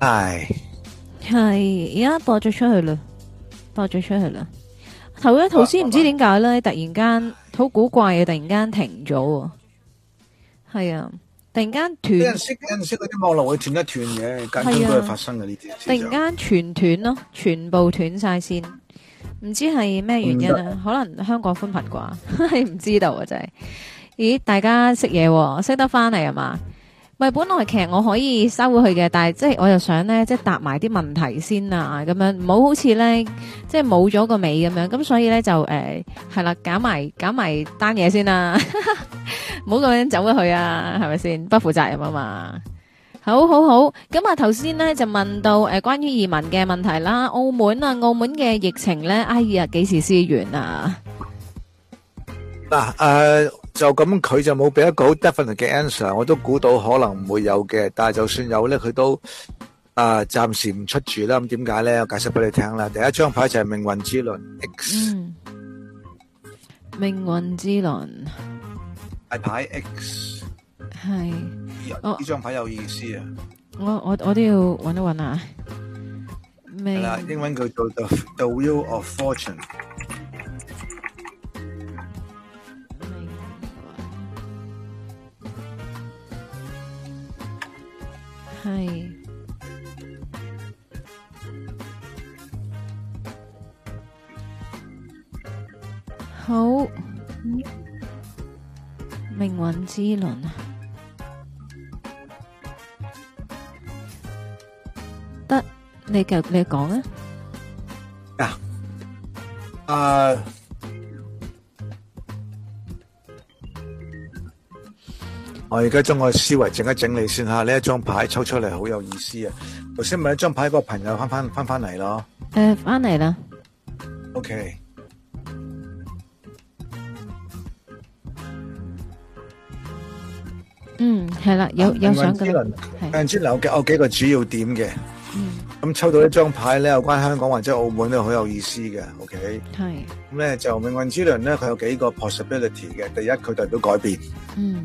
係係而家播咗出去啦，播咗出去啦。頭一頭先唔知點解咧，突然間好唉古怪嘅，突然停咗，係啊！突然間停咗，係啊，突然間斷。啲網絡會斷一斷嘅，咁都係發生嘅呢啲。突然間全斷咯，全部斷晒線，唔知係咩原因啊？行可能香港寬頻啩，係 唔知道啊！真係。咦，大家識嘢，識得翻嚟啊嘛？唔係，本來其實我可以收佢去嘅，但係即係我又想咧，即係答埋啲問題先啊，咁樣唔好好似咧，即係冇咗個尾咁樣，咁所以咧就誒係啦，搞埋搞埋單嘢先啦，唔好咁樣走咗去啊，係咪先？不負責任啊嘛，好好好。咁啊頭先咧就問到誒關於移民嘅問題啦，澳門啊，澳門嘅疫情咧，哎呀幾時先完啊？嗱誒。就咁，佢就冇俾一個好 definite 嘅 answer，我都估到可能唔會有嘅。但係就算有咧，佢都啊暫時唔出住啦。咁點解咧？我解釋俾你聽啦。第一張牌就係命運之輪 X，命運之輪大牌 X 係，我呢張牌有意思啊！我我我都要揾一揾啊！係啦，英文叫做 The The Wheel of Fortune。好，命運之輪啊！得，你繼續，你講啊。啊，誒。我而家將我思維整一整理先吓，呢一張牌抽出嚟好有意思啊！頭先咪一張牌嗰個朋友翻翻翻翻嚟咯。誒，翻嚟啦。OK。嗯，係啦，有有想嘅。命運之輪有幾個主要點嘅。嗯。咁抽到一張呢張牌咧，有關香港或者澳門都好有意思嘅。OK 的。係。咁咧就命運之輪咧，佢有幾個 possibility 嘅。第一，佢代表改變。嗯。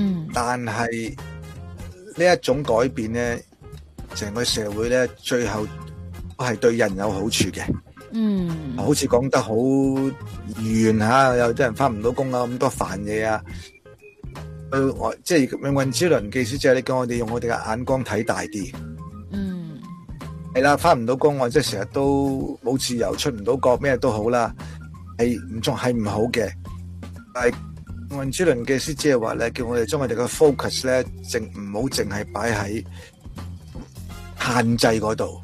嗯，但係呢一種改變咧，成個社會咧，最後係對人有好處嘅。嗯，好似講得好遠吓，有啲人翻唔到工啊，咁多煩嘢啊。我即係命運之輪記者，你叫我哋用我哋嘅眼光睇大啲。嗯，係啦，翻唔到工我即係成日都冇自由出唔到國，咩都好啦，係唔仲係唔好嘅。係。運之輪嘅師姐話咧，叫我哋將我哋嘅 focus 咧，淨唔好淨係擺喺限制嗰度，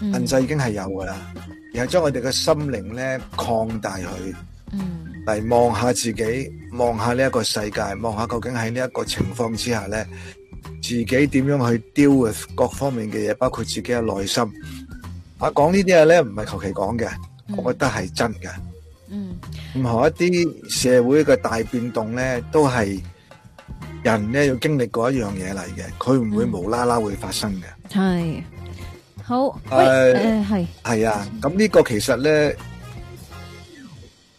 限制已經係有噶啦，嗯、而係將我哋嘅心靈咧，擴大佢，嚟望下自己，望下呢一個世界，望下究竟喺呢一個情況之下咧，自己點樣去 deal with 各方面嘅嘢，包括自己嘅內心。啊，講呢啲嘢咧，唔係求其講嘅，我覺得係真嘅。嗯，任何一啲社會嘅大變動咧，都係人咧要經歷過一樣嘢嚟嘅，佢唔會無啦啦會發生嘅、嗯。係好，誒，係係、呃、啊，咁呢、啊、個其實咧，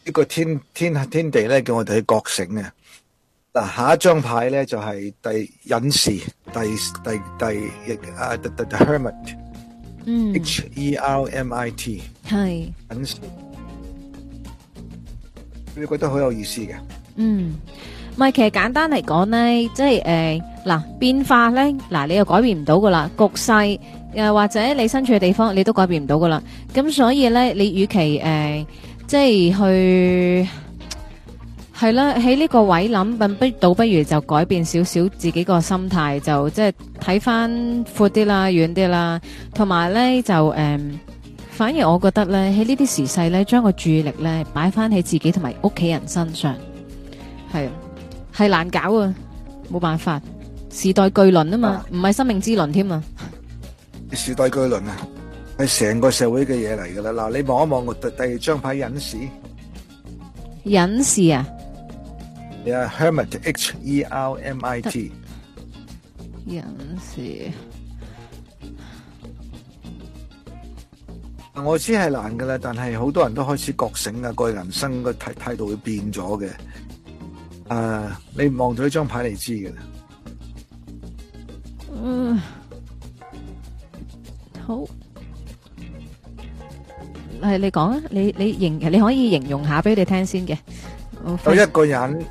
呢個、like、天天天地咧，叫我哋去覺醒啊。嗱，下一張牌咧就係、是、第隱士，第第第亦啊、erm、，the the、uh, hermit，嗯，H E R M I T，係隱士。你覺得好有意思嘅？嗯，咪其實簡單嚟講呢，即係誒，嗱、呃、變化呢，嗱、呃、你又改變唔到噶啦，局勢又或者你身處嘅地方，你都改變唔到噶啦。咁所以呢，你與其誒、呃，即係去係啦，喺呢個位諗，不倒不如就改變少少自己個心態，就即係睇翻闊啲啦、遠啲啦，同埋呢，就誒。呃反而我覺得咧喺呢啲時勢咧，將個注意力咧擺翻喺自己同埋屋企人身上，係係難搞啊！冇辦法，時代巨輪啊嘛，唔係生命之輪添啊！時代巨輪啊，係成個社會嘅嘢嚟噶啦。嗱，你望一望我第第二張牌，隱士，隱士啊，你係 Hermit H E R M I T，隱士。我知係難噶啦，但係好多人都開始覺醒啊，個人生個態態度會變咗嘅。誒、uh, uh,，你望到呢張牌你知嘅。嗯，好。係你講啊，你你,你形你可以形容一下俾你聽先嘅。Okay. 有一個人，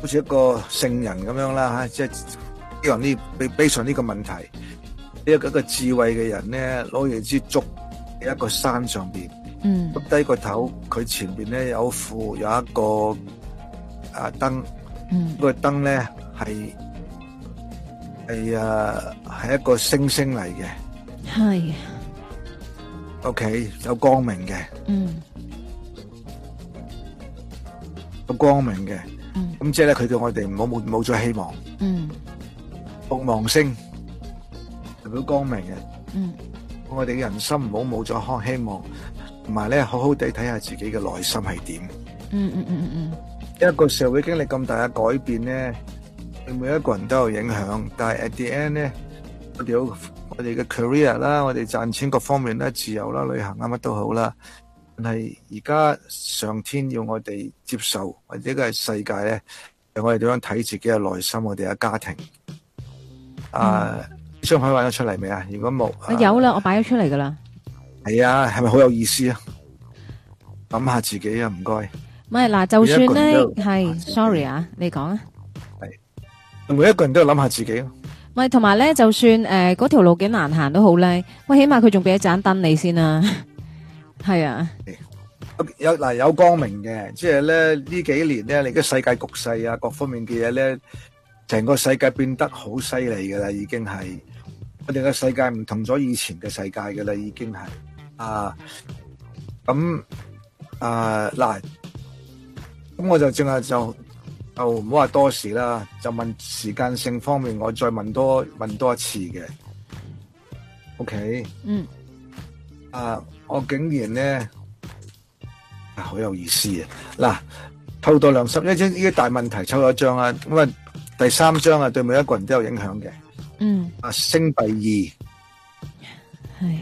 好似一個聖人咁樣啦，吓、啊，即係呢樣呢悲悲傷呢個問題，呢個個智慧嘅人呢，攞嘢先足。一個山上邊，嗯，耷低個頭，佢前邊咧有副，有一個啊燈，嗯，個燈咧係係啊係一個星星嚟嘅，係，OK 有光明嘅，嗯，有光明嘅，嗯，咁即係咧佢叫我哋唔好冇冇咗希望，嗯，光芒星代表光明嘅，嗯。我哋嘅人生唔好冇咗希希望，同埋咧好好地睇下自己嘅內心係點，嗯。嗯嗯嗯嗯嗯。一個社會經歷咁大嘅改變咧，對每一個人都有影響。但係 at the end 咧，我哋好，我哋嘅 career 啦，我哋賺錢各方面啦，自由啦，旅行啱乜都好啦。但係而家上天要我哋接受，或者一個係世界咧，我哋點樣睇自己嘅內心，我哋嘅家庭，啊、嗯。Uh, 張牌玩咗出嚟未啊？如果冇，我有啦，我擺咗出嚟噶啦。係啊，係咪好有意思啊？諗下自己啊，唔該。唔係嗱，就算咧，係，sorry 啊，你講啊。係每一個人都要諗下自己。唔係，同埋咧，就算誒嗰條路幾難行都好咧，喂起碼佢仲俾一盞燈你先啊。係啊，有嗱有光明嘅，即係咧呢幾年咧，你嘅世界局勢啊，各方面嘅嘢咧，成個世界變得好犀利噶啦，已經係。我哋嘅世界唔同咗以前嘅世界嘅啦，已經係啊，咁啊，嗱，咁我就正啊，就就唔好話多事啦，就問時間性方面，我再問多問多一次嘅。OK，嗯，啊，我竟然咧啊好有意思啊！嗱，透到兩十一為呢啲大問題抽咗一張啊，咁啊第三張啊，對每一個人都有影響嘅。嗯，啊，星第二係，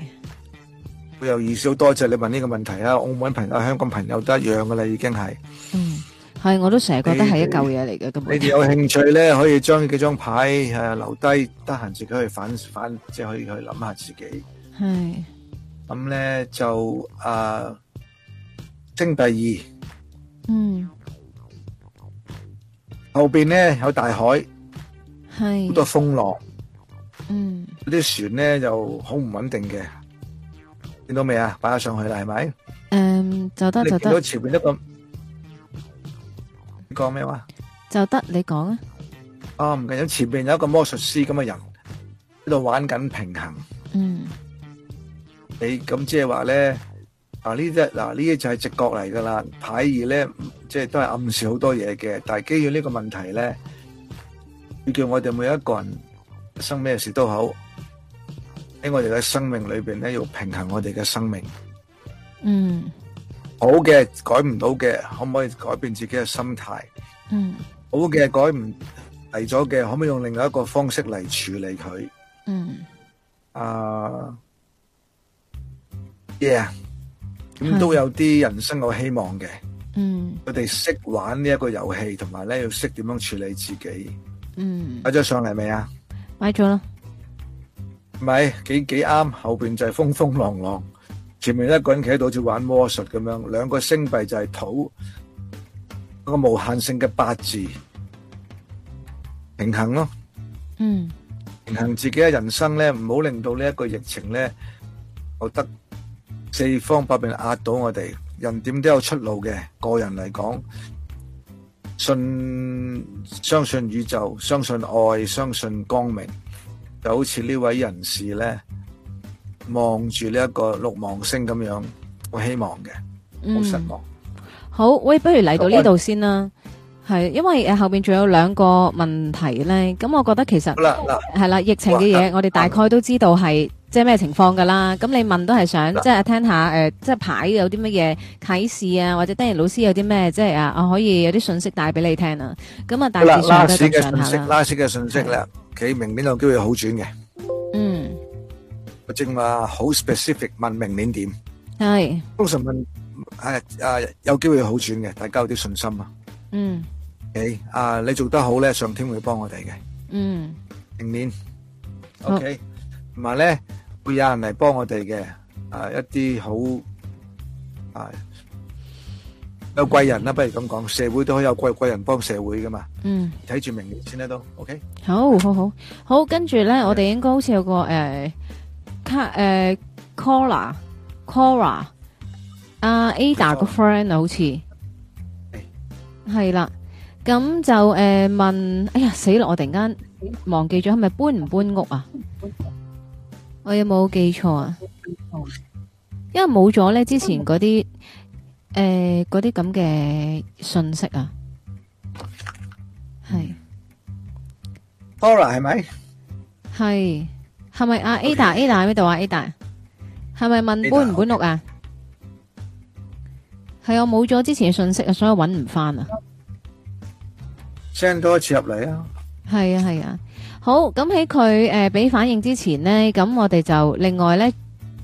好有意思，好多謝你問呢個問題啦。澳門朋友、香港朋友都一樣噶啦，已經係。嗯，係，我都成日覺得係一舊嘢嚟嘅咁。你哋有興趣咧，可以將呢幾張牌誒留低，得閒自己可以反反，即係可以去諗下自己。係，咁咧就誒，星第二。嗯，後邊咧有大海，係好多風浪。嗯，啲船咧就好唔穩定嘅，見到未啊？擺咗上去啦係咪？誒，就得就得。你見到前面一個，你講咩話？就得，你講啊。哦，唔緊要，前面有一個魔術師咁嘅人喺度玩緊平衡。嗯。你咁即係話咧，嗱呢隻嗱呢嘢就係直覺嚟噶啦，牌二咧即係都係暗示好多嘢嘅，但係基於呢個問題咧，要叫我哋每一個人。生咩事都好，喺我哋嘅生命裏邊咧，要平衡我哋嘅生命。嗯，好嘅，改唔到嘅，可唔可以改變自己嘅心態？嗯，好嘅，改唔嚟咗嘅，可唔可以用另外一個方式嚟處理佢？嗯，啊，uh，yeah，咁都有啲人生嘅希望嘅。嗯，佢哋識玩這遊戲呢一個遊戲，同埋咧要識點樣處理自己。嗯，拍咗上嚟未啊？買咗啦，唔係幾幾啱，後邊就係風風浪浪，前面一個人企喺度好似玩魔術咁樣，兩個星幣就係土，一個無限性嘅八字平衡咯，嗯，平衡自己嘅人生咧，唔好令到呢一個疫情咧，我覺得四方八面壓到我哋，人點都有出路嘅，個人嚟講。相信相信宇宙，相信愛，相信光明，就好似呢位人士咧，望住呢一個六芒星咁樣，我希望嘅，好失望，嗯。好，喂，不如嚟到呢度先啦，係、嗯、因為誒後邊仲有兩個問題咧，咁我覺得其實，係啦，疫情嘅嘢，呃、我哋大概都知道係。即係咩情況噶啦？咁你問都係想即係聽下誒，即係牌有啲乜嘢啟示啊，或者 Danny 老師有啲咩即係啊，我可以有啲信息帶俾你聽啊。咁啊，大致上都得上下啦。拉市嘅信息，拉市嘅信息啦，佢明年有機會好轉嘅。嗯。我正話好 specific 問明年點？係。通常問係啊，有機會好轉嘅，大家有啲信心啊。嗯。OK，啊，你做得好咧，上天會幫我哋嘅。嗯。明年。OK。同埋咧。會有人嚟幫我哋嘅，啊一啲好，啊有貴人啦，不如咁講，社會都可以有貴貴人幫社會噶嘛。嗯，睇住明年先得到，OK？好，好好好，跟住咧，是我哋應該好似有個誒、呃、卡誒、呃、Cora，Cora，阿、呃、Ada 是的那個 friend 好似，係啦的，咁就誒、呃、問，哎呀死啦，我突然間忘記咗係咪搬唔搬屋啊？我有冇記錯啊？嗯、因為冇咗咧之前嗰啲、嗯、誒嗰啲咁嘅信息啊，係。Paula 係咪？系係咪阿 Ada Ada 喺度啊 Ada？係咪問搬唔搬屋啊？係、啊 Ada, okay. 我冇咗之前嘅信息啊，所以揾唔翻啊。send 多一次入嚟啊！係啊係啊，好，咁喺佢誒俾反應之前咧，咁我哋就另外咧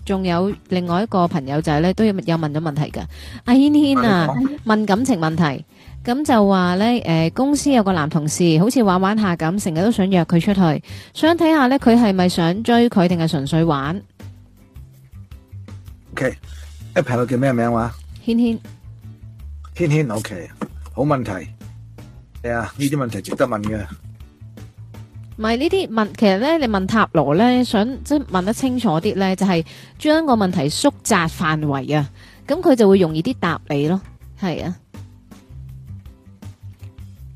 仲有另外一個朋友仔咧都有有問咗問題噶，阿軒軒啊問感情問題，咁就話咧誒公司有個男同事好似玩玩下咁，成日都想約佢出去，想睇下咧佢係咪想追佢定係純粹玩。O K，你朋友叫咩名話？軒軒，軒軒，O K，好問題，係啊呢啲問題值得問嘅。唔係呢啲問，其實咧你問塔羅咧，想即係問得清楚啲咧，就係將個問題縮窄範圍啊。咁佢就會容易啲答你咯。係啊，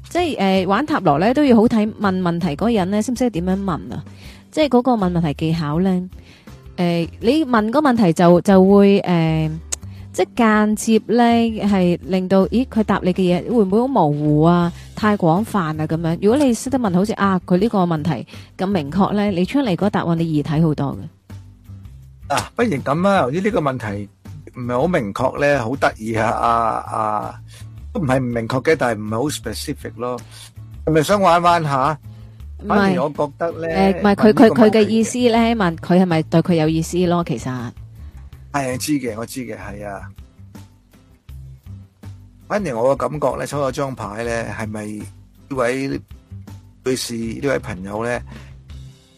即係誒玩塔羅咧都要好睇問問題嗰個人咧，識唔識點樣問啊？即係嗰個問問題技巧咧，誒你問個問題就就會誒，即係間接咧係令到，咦佢答你嘅嘢會唔會好模糊啊？太廣泛啦，咁樣。如果你識得問，好似啊，佢呢個問題咁明確咧，你出嚟嗰答案你易睇好多嘅。啊，不如咁啦、啊，由於呢個問題唔係好明確咧，好得意啊啊，啊，都唔係唔明確嘅，但係唔係好 specific 咯。係咪想玩玩下？唔係反而我覺得咧，誒、呃，唔係佢佢佢嘅意思咧，問佢係咪對佢有意思咯？其實係知嘅，我知嘅，係啊。反正我個感覺咧，抽咗張牌咧，係咪呢位女士呢位朋友咧，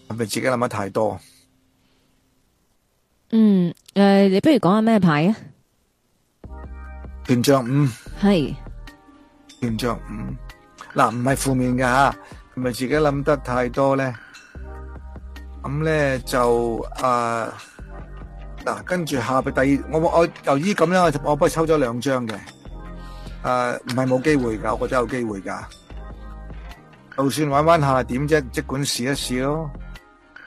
係咪自己諗得太多？嗯，誒，你不如講下咩牌啊？權杖五係權杖五，嗱唔係負面嘅吓，係咪自己諗得太多咧？咁咧就誒，嗱跟住下邊第二我我由於咁樣，我我不係抽咗兩張嘅。誒，唔係冇機會噶，我覺得有機會噶。就算玩玩下點啫，即管試一試咯。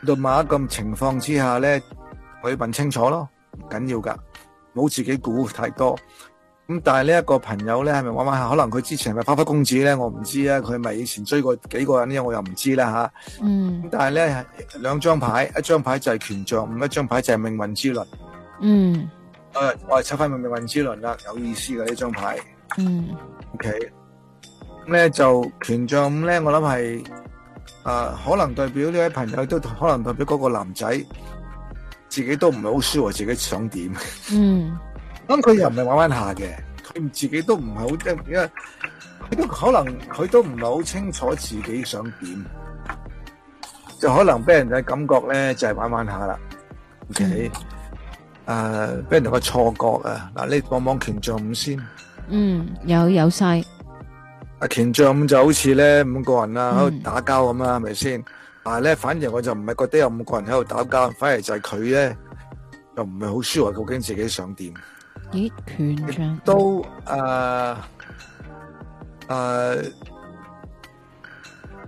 到馬咁情況之下咧，我要問清楚咯，唔緊要噶，冇自己估太多。咁、嗯、但係呢一個朋友咧，係咪玩玩下？可能佢之前係咪花花公子咧，我唔知啊。佢咪以前追過幾個人，我又唔知啦吓、啊。啊、嗯。但係咧，兩張牌，一張牌就係權杖，唔一張牌就係命運之輪。嗯。誒、uh, 啊，我係抽翻命運之輪啦，有意思㗎呢張牌。嗯，OK，咁咧就權杖五咧，我諗係誒，可能代表呢位朋友都可能代表嗰個男仔自己都唔係好 sure，自己想點。嗯，咁佢 又唔係玩玩下嘅，佢自己都唔係好即係，因為佢都可能佢都唔係好清楚自己想點，就可能俾人嘅感覺咧就係、是、玩玩下啦。OK，誒、嗯，俾、uh, 人一個錯覺啊，嗱，你望望權杖五先。嗯，有有晒。阿權、啊、杖就好似咧五個人啦喺度打交咁啦，係咪先？但係咧，反而我就唔係覺得有五個人喺度打交，反而就係佢咧又唔係好 sure 究竟自己想點。咦，權杖都誒誒，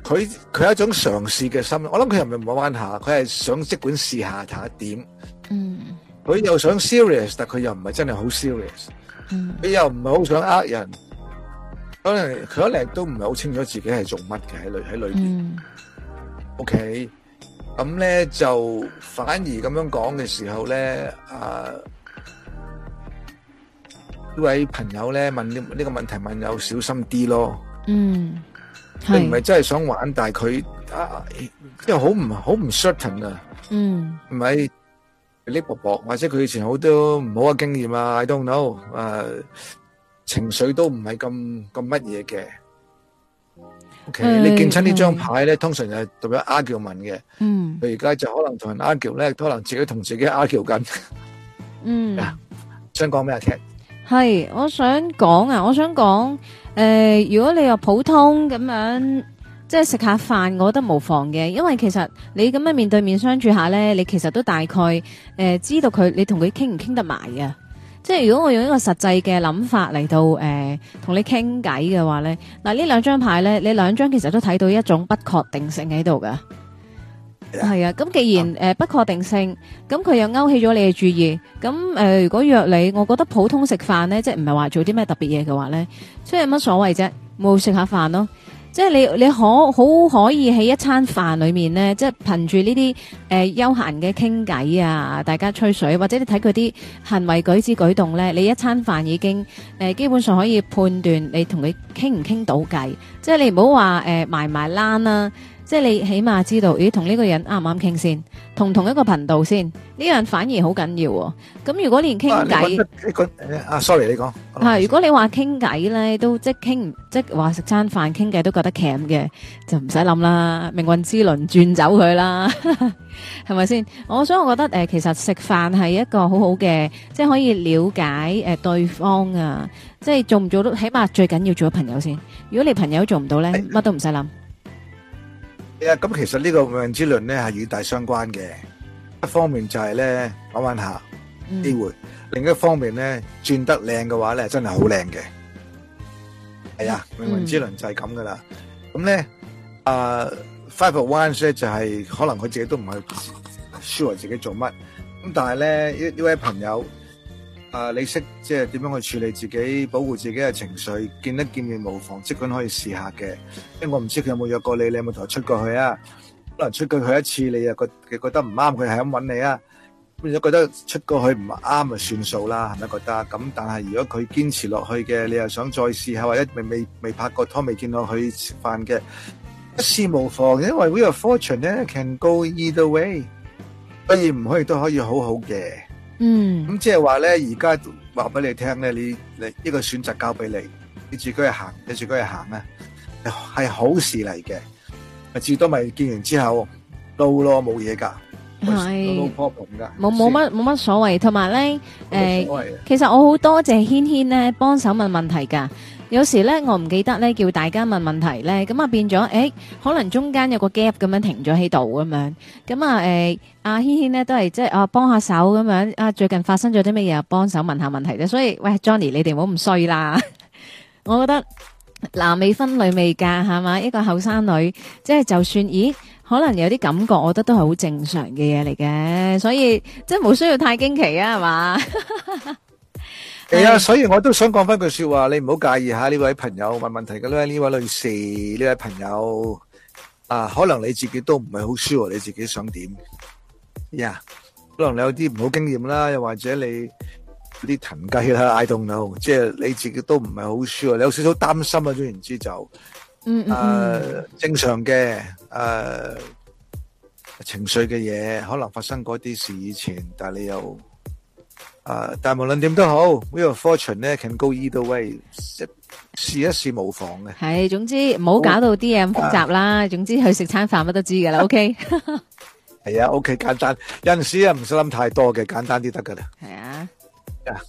佢佢係一種嘗試嘅心，我諗佢又唔係冇玩，玩，玩下，佢係想即管試下睇下點。嗯，佢又想 serious，但佢又唔係真係好 serious。你又唔係好想呃人，可能佢可能都唔係好清楚自己係做乜嘅喺裏喺裏邊。OK，咁咧就反而咁樣講嘅時候咧，啊呢位朋友咧問呢呢個問題問有小心啲咯。嗯，你唔係真係想玩，但係佢啊因為好唔好唔 certain 啊。嗯，唔係。力薄薄，或者佢以前好多唔好嘅經驗啊，I don't know，啊情緒都唔係咁咁乜嘢嘅。OK，你見親呢張牌咧，通常就係代表 argument 嘅。嗯，佢而家就可能同人 argue 咧，可能自己同自己 argue 緊。嗯，想講咩啊？聽，係我想講啊！我想講，誒，如果你又普通咁樣。即係食下飯，我覺得無妨嘅，因為其實你咁樣面對面相處下呢，你其實都大概誒、呃、知道佢，你同佢傾唔傾得埋嘅。即係如果我用一個實際嘅諗法嚟到誒同、呃、你傾偈嘅話呢，嗱，呢兩張牌呢，你兩張其實都睇到一種不確定性喺度噶。係啊、嗯，咁既然誒、呃、不確定性，咁佢又勾起咗你嘅注意。咁誒、呃，如果約你，我覺得普通食飯呢，即係唔係話做啲咩特別嘢嘅話呢，即係有乜所謂啫，冇食下飯咯。即係你你可好可以喺一餐飯裏面呢，即係憑住呢啲誒悠閒嘅傾偈啊，大家吹水，或者你睇佢啲行為舉止舉動呢，你一餐飯已經誒、呃、基本上可以判斷你同佢傾唔傾到偈。即係你唔好話誒埋埋欄啦、啊。即係你起碼知道，咦？同呢個人啱唔啱傾先？同同一個頻道先？呢樣反而好緊要喎、哦。咁如果連傾偈，s o r r y 你講。你啊 sorry, 你嗯、如果你話傾偈呢，都即係傾，即話食餐飯傾偈都覺得鉗嘅，就唔使諗啦，命運之輪轉走佢啦，係咪先？我想我覺得誒、呃，其實食飯係一個好好嘅，即係可以了解誒、呃、對方啊，即係做唔做到，起碼最緊要做咗朋友先。如果你朋友做唔到呢，乜的都唔使諗。係啊，咁其實呢個命運之輪咧係與大相關嘅，一方面就係咧玩玩下機會，另一方面咧轉得靚嘅話咧真係好靚嘅。係啊，命運之輪就係咁噶啦。咁咧，啊 Five of Wands 咧就係可能佢自己都唔係 sure 自己做乜，咁但係咧呢呢位朋友。啊！Uh, 你識，即係點樣去處理自己、保護自己嘅情緒，見得見面無妨，即管可以試下嘅。因為我唔知佢有冇約過你，你有冇同佢出過去啊？可能出過去一次，你又覺覺得唔啱佢係咁搵你啊？咁如果覺得出過去唔啱，咪算數啦，係咪覺得？咁但係如果佢堅持落去嘅，你又想再試下，或者未未未拍過拖、未見到佢食飯嘅，一試無妨。因為 we are fortune 咧，can go either way，所以不如唔可以都可以好好嘅。嗯，咁即係話咧，而家話俾你聽咧，你你一、呢個選擇交俾你，你自己去行，你自己去行啊，係好事嚟嘅，至多咪見完之後到咯，冇嘢噶，冇冇乜冇乜所謂，同埋咧誒，呃、其實我好多謝軒軒咧幫手問問題噶。有時咧，我唔記得咧叫大家問問題咧，咁啊變咗，誒、欸、可能中間有個 gap 咁樣停咗喺度咁樣，咁、欸、啊誒阿軒軒呢都係即係啊幫下手咁樣，啊最近發生咗啲乜嘢啊幫手問下問題啫，所以喂 Johnny 你哋唔好咁衰啦，我覺得男未婚女未嫁係嘛，一個後生女即係、就是、就算咦可能有啲感覺，我覺得都係好正常嘅嘢嚟嘅，所以即係冇需要太驚奇啊係嘛。 啊，yeah, 嗯、所以我都想講翻句說話，你唔好介意吓呢位朋友問問題嘅咧，呢位女士，呢位朋友啊，可能你自己都唔係好舒喎。你自己想點？呀、yeah,，可能你有啲唔好經驗啦，又或者你啲囤雞啦、嗌凍啦，know, 即係你自己都唔係好舒喎。你有少少擔心啊，總然之就，嗯，嗯、啊、正常嘅，誒、啊，情緒嘅嘢可能發生嗰啲事以前，但係你又。誒，uh, 但無論點都好，呢個 fortune 咧 can go either way，試一試無妨，嘅。係，總之唔好搞到啲嘢咁複雜啦。Uh, 總之去食餐飯乜都知噶啦。Uh, OK。係啊，OK，簡單，有陣時啊唔使諗太多嘅，簡單啲得噶啦。係啊。啊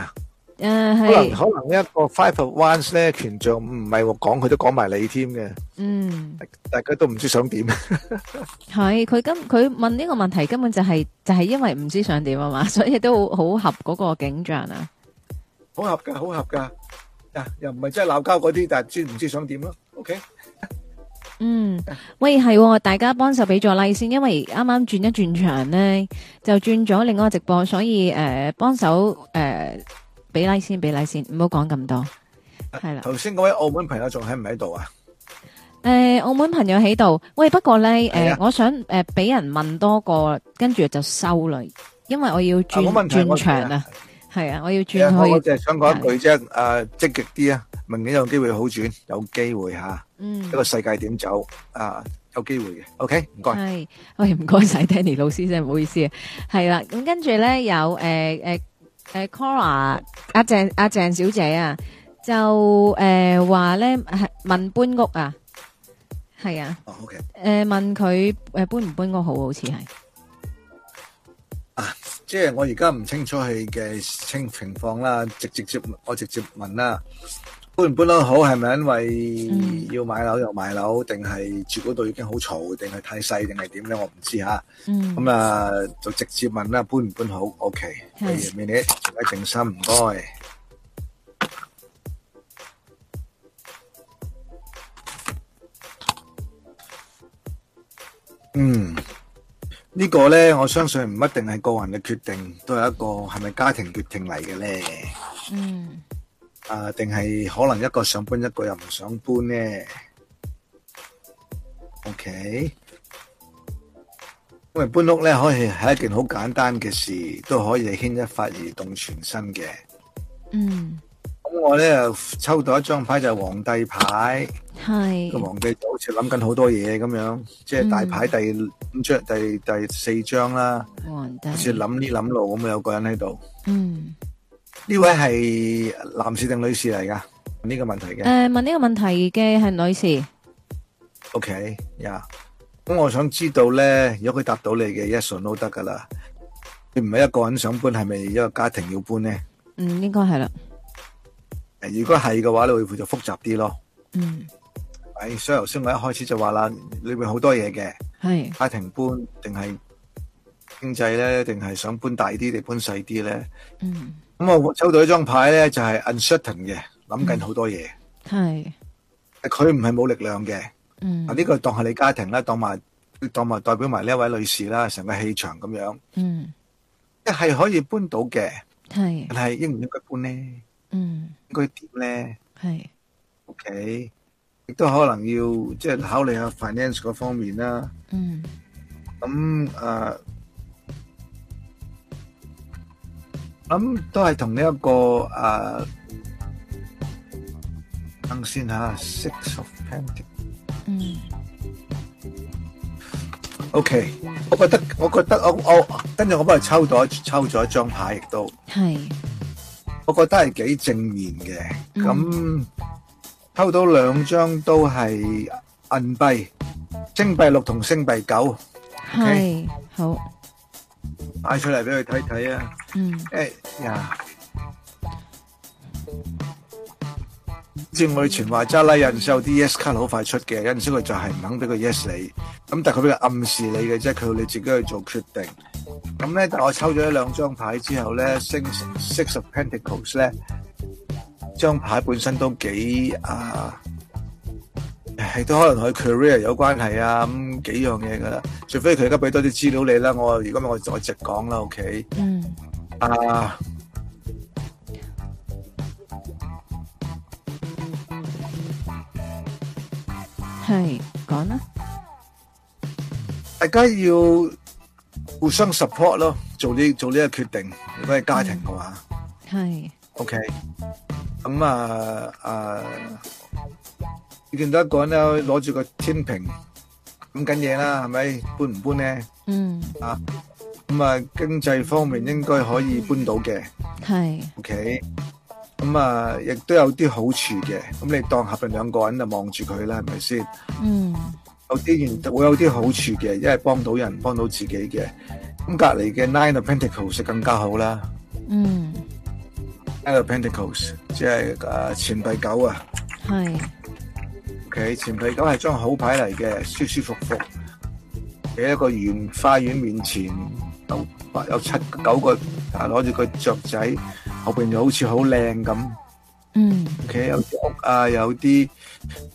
啊。Uh, 可能可能一個 Five of Wands 咧，權杖唔係講佢都講埋你添嘅。嗯，大家都唔知想點 。係佢跟佢問呢個問題，根本就係、是、就係、是、因為唔知想點啊嘛，所以都好合嗰個景象啊，好合㗎，好合㗎，嗱又唔係真係鬧交嗰啲，但係知唔知想點咯？O K。Okay? 嗯，喂，係、哦、大家幫手俾個 like 先，因為啱啱轉一轉場咧，就轉咗另外一個直播，所以誒幫手誒。呃俾奶先，俾奶先，唔好講咁多。係啦，頭先嗰位澳門朋友仲喺唔喺度啊？誒，澳門朋友喺度。喂，不過咧，誒，我想誒俾人問多個，跟住就收啦，因為我要轉轉場啊。係啊，我要轉去。我我淨係想講一句啫，誒，積極啲啊，明年有機會好轉，有機會吓。嗯，一個世界點走啊？有機會嘅，OK，唔該。係，喂，唔該晒，Danny 老師，真係唔好意思啊。係啦，咁跟住咧有誒誒。誒，Cora 阿鄭阿鄭小姐啊，就誒話咧問搬屋啊，係啊，哦，好嘅，誒問佢誒搬唔搬屋好，好似係啊，即係我而家唔清楚佢嘅情情況啦，直直接我直接問啦。搬唔搬得好，係咪因為要買樓又買樓，定係住嗰度已經好嘈，定係太細，定係點咧？我唔知吓。咁啊，就直接問啦，搬唔搬好？OK，歡迎你，重開正心，唔該。嗯，呢個咧，我相信唔一定係個人嘅決定，都係一個係咪家庭決定嚟嘅咧。嗯。啊，定係可能一個想搬，一個又唔想搬咧？OK，因為搬屋咧可以係一件好簡單嘅事，都可以牽一髮而動全身嘅。嗯，咁我咧抽到一張牌就係皇帝牌，係個皇帝好似諗緊好多嘢，咁樣，即係大牌第咁着第第四張啦，皇帝好似諗呢諗路咁，有個人喺度。嗯。呢位係男士定女士嚟噶？問呢個問題嘅。誒、呃，問呢個問題嘅係女士。OK，呀，咁我想知道咧，如果佢答到你嘅，一順都得噶啦。你唔係一個人想搬，係咪一個家庭要搬呢？嗯，應該係啦。如果係嘅話，你會就複雜啲咯。嗯。誒，所以頭先我一開始就話啦，裏面好多嘢嘅。係。家庭搬定係經濟咧，定係想搬大啲定搬細啲咧？嗯。咁我抽到一張牌咧，就係 uncertain 嘅，諗緊好多嘢。係，佢唔係冇力量嘅。嗯。啊，呢個當係你家庭啦，當埋，當埋代表埋呢一位女士啦，成個氣場咁樣。嗯。即係可以搬到嘅。係。但係應唔應該搬咧？嗯。應該點咧？係。OK，亦都可能要即係考慮下 finance 嗰方面啦。嗯。咁誒。咁都係同呢一個誒，等先吓，Six of Pentacles。嗯。OK，我覺得我覺得我我跟住我幫佢抽到抽咗一張牌，亦都係。我覺得係幾正面嘅，咁抽到兩張都係銀幣，星幣六同星幣九。係好。嗌出嚟俾佢睇睇啊！嗯，誒、哎、呀，即我全話揸禮人，有陣時有啲 s 卡好快出嘅，有陣時佢就係唔肯俾個 yes 你，咁但佢俾個暗示你嘅，啫，佢要你自己去做決定。咁咧，但我抽咗一兩張牌之後咧，Six Six of Pentacles 咧，張牌本身都幾啊。亦都可能佢 career 有關係啊，咁、嗯、幾樣嘢㗎喇。除非佢而家俾多啲資料你啦，我如果咪我再直講啦，OK？嗯。啊、uh,。係，講啦。大家要互相 support 咯，做呢做呢個決定。如果係家庭嘅話，係、嗯。OK、嗯。咁啊啊。你見到一個人咧，攞住個天平諗緊嘢啦，係咪搬唔搬咧，嗯啊？嗯，啊，咁啊，經濟方面應該可以搬到嘅。係是，OK，咁、嗯、啊，亦都有啲好處嘅。咁你當合併兩個人就望住佢啦，係咪先？嗯，有啲原因會有啲好處嘅，一係幫到人，幫到自己嘅。咁隔籬嘅 Nine of Pentacles 就更加好啦。嗯，Nine of Pentacles 即係誒錢幣九啊。係。其前皮都係張好牌嚟嘅，舒舒服服，喺一個園花園面前有有七九個啊，攞住個雀仔，後邊就好似好靚咁。嗯，佢有屋啊，有啲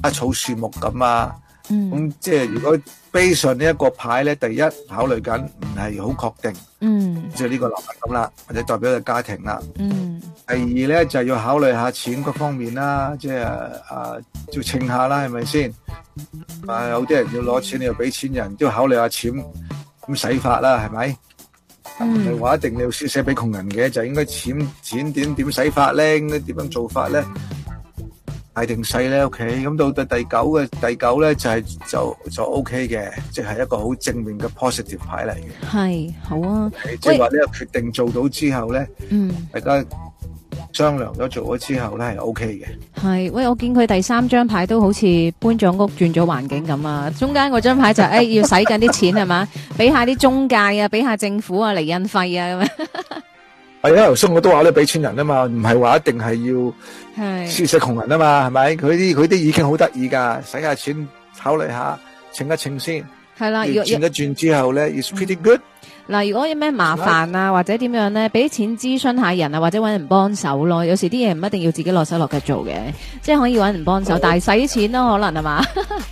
花草樹木咁啊。嗯，咁、嗯嗯、即係如果 base 上呢一個牌咧，第一考慮緊唔係好確定，嗯，即係呢個諗法咁啦，或者代表個家庭啦，嗯，第二咧就係、是、要考慮下錢各方面啦，即係啊，要稱下啦，係咪先？啊、嗯，有啲人要攞錢，你要俾錢人，都要考慮下錢咁使法啦，係咪？唔係話一定要寫寫俾窮人嘅，就應該錢錢點點使法咧，咁你點樣做法咧？係定細咧，OK，咁到到第九嘅第九咧就係就就 OK 嘅，即係一個好正面嘅 positive 牌嚟嘅。係好啊，即係話呢個決定做到之後咧，嗯，大家商量咗做咗之後咧係 OK 嘅。係，喂，我見佢第三張牌都好似搬咗屋、轉咗環境咁啊，中間嗰張牌就誒要使緊啲錢係嘛，俾下啲中介啊，俾下政府啊，厘印費啊咁啊。係，啊、哎，為收我都話咧俾錢人啊嘛，唔係話一定係要施捨窮人啊嘛，係咪的？佢啲佢啲已經好得意噶，使下錢考慮下，稱一稱先。係啦，如果轉一轉之後咧要，It's pretty good、嗯。嗱，如果有咩麻煩啊，啊或者點樣咧，俾錢諮詢下人啊，或者揾人幫手咯、啊。有時啲嘢唔一定要自己落手落腳做嘅，即係可以揾人幫手，哦、但係使錢咯、啊，可能係嘛。嗯是吧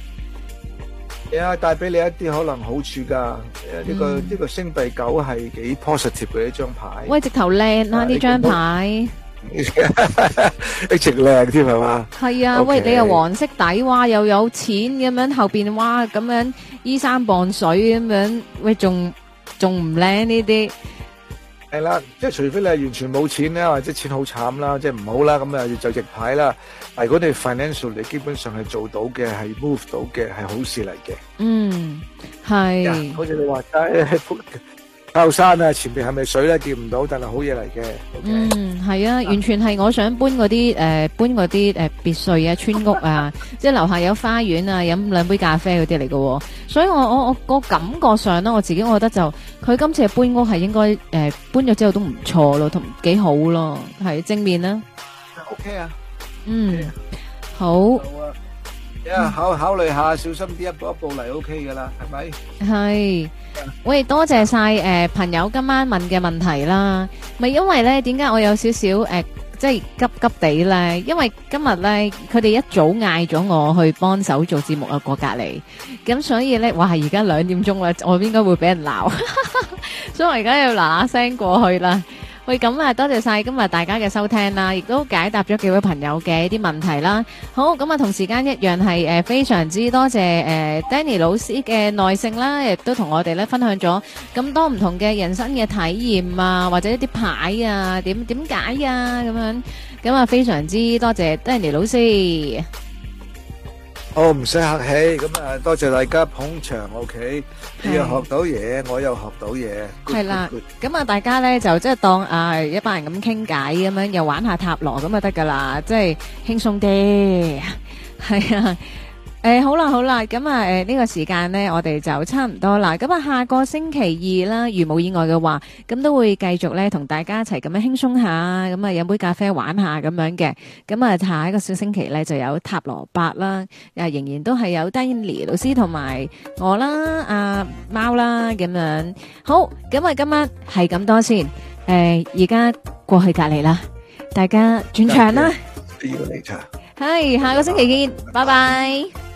係啊，帶俾、yeah, 你一啲可能好處噶，誒、yeah, 呢、這個呢、嗯、個星幣九係幾 positive 嘅一張牌。喂，直頭靚啊呢、啊、張牌，一直靚添係嘛？係 啊，Okay. 喂你又黃色底哇，又有錢咁樣，後邊哇咁樣依山傍水咁樣，喂仲仲唔靚呢啲？係啦，即係除非你係完全冇錢啦，或者錢慘或者好慘啦，即係唔好啦，咁啊要就直牌啦。但如果你 financial 你基本上係做到嘅，係 move 到嘅，係好事嚟嘅。嗯，係。好似你話齋。 靠山啊，前面係咪水咧？見唔到，但係好嘢嚟嘅。Okay. 嗯，係啊，完全係我想搬嗰啲誒，搬嗰啲誒別墅啊，村屋啊， 即係樓下有花園啊，飲兩杯咖啡嗰啲嚟嘅。所以我我我個感覺上咧，我自己我覺得就佢今次搬屋係應該誒、呃、搬咗之後都唔錯咯，同幾好咯，係正面啦。OK 啊。Okay. 嗯，Okay. 好。So, 呀，考考慮下，小心啲，一步一步嚟，OK 噶啦，係咪？係，喂，多謝晒誒朋友今晚問嘅問題啦，咪因為咧，點解我有少少誒，即係急急地咧？因為今日咧，佢哋一早嗌咗我去幫手做節目啊，過隔籬，咁所以咧，哇，而家兩點鐘啦，我應該會俾人鬧，所以我而家要嗱嗱聲過去啦。喂，咁啊，多謝晒今日大家嘅收聽啦，亦都解答咗幾位朋友嘅一啲問題啦。好，咁啊同時間一樣係誒，非常之多謝誒 Danny 老師嘅耐性啦，亦都同我哋咧分享咗咁多唔同嘅人生嘅體驗啊，或者一啲牌啊，點點解啊咁樣，咁啊非常之多謝 Danny 老師。哦，唔使、oh, 客氣，咁啊多謝大家捧場，OK，你又是學到嘢，我又學到嘢，係啦的，咁啊 good 大家咧就即係當啊一班人咁傾偈咁樣，又玩下塔羅咁就得噶啦，即係輕鬆啲，係 啊。誒，好啦好啦，咁啊誒呢個時間咧，我哋就差唔多啦。咁啊下個星期二啦，如冇意外嘅話，咁都會繼續咧同大家一齊咁樣輕鬆下，咁啊飲杯咖啡玩下咁樣嘅。咁啊下一個小星期咧就有塔羅八啦，又仍然都係有 Danny 老師同埋我啦，阿貓啦咁樣。好，咁啊今晚係咁多先。誒，而家過去隔籬啦，大家轉場啦。See you later。係，下個星期見，拜拜。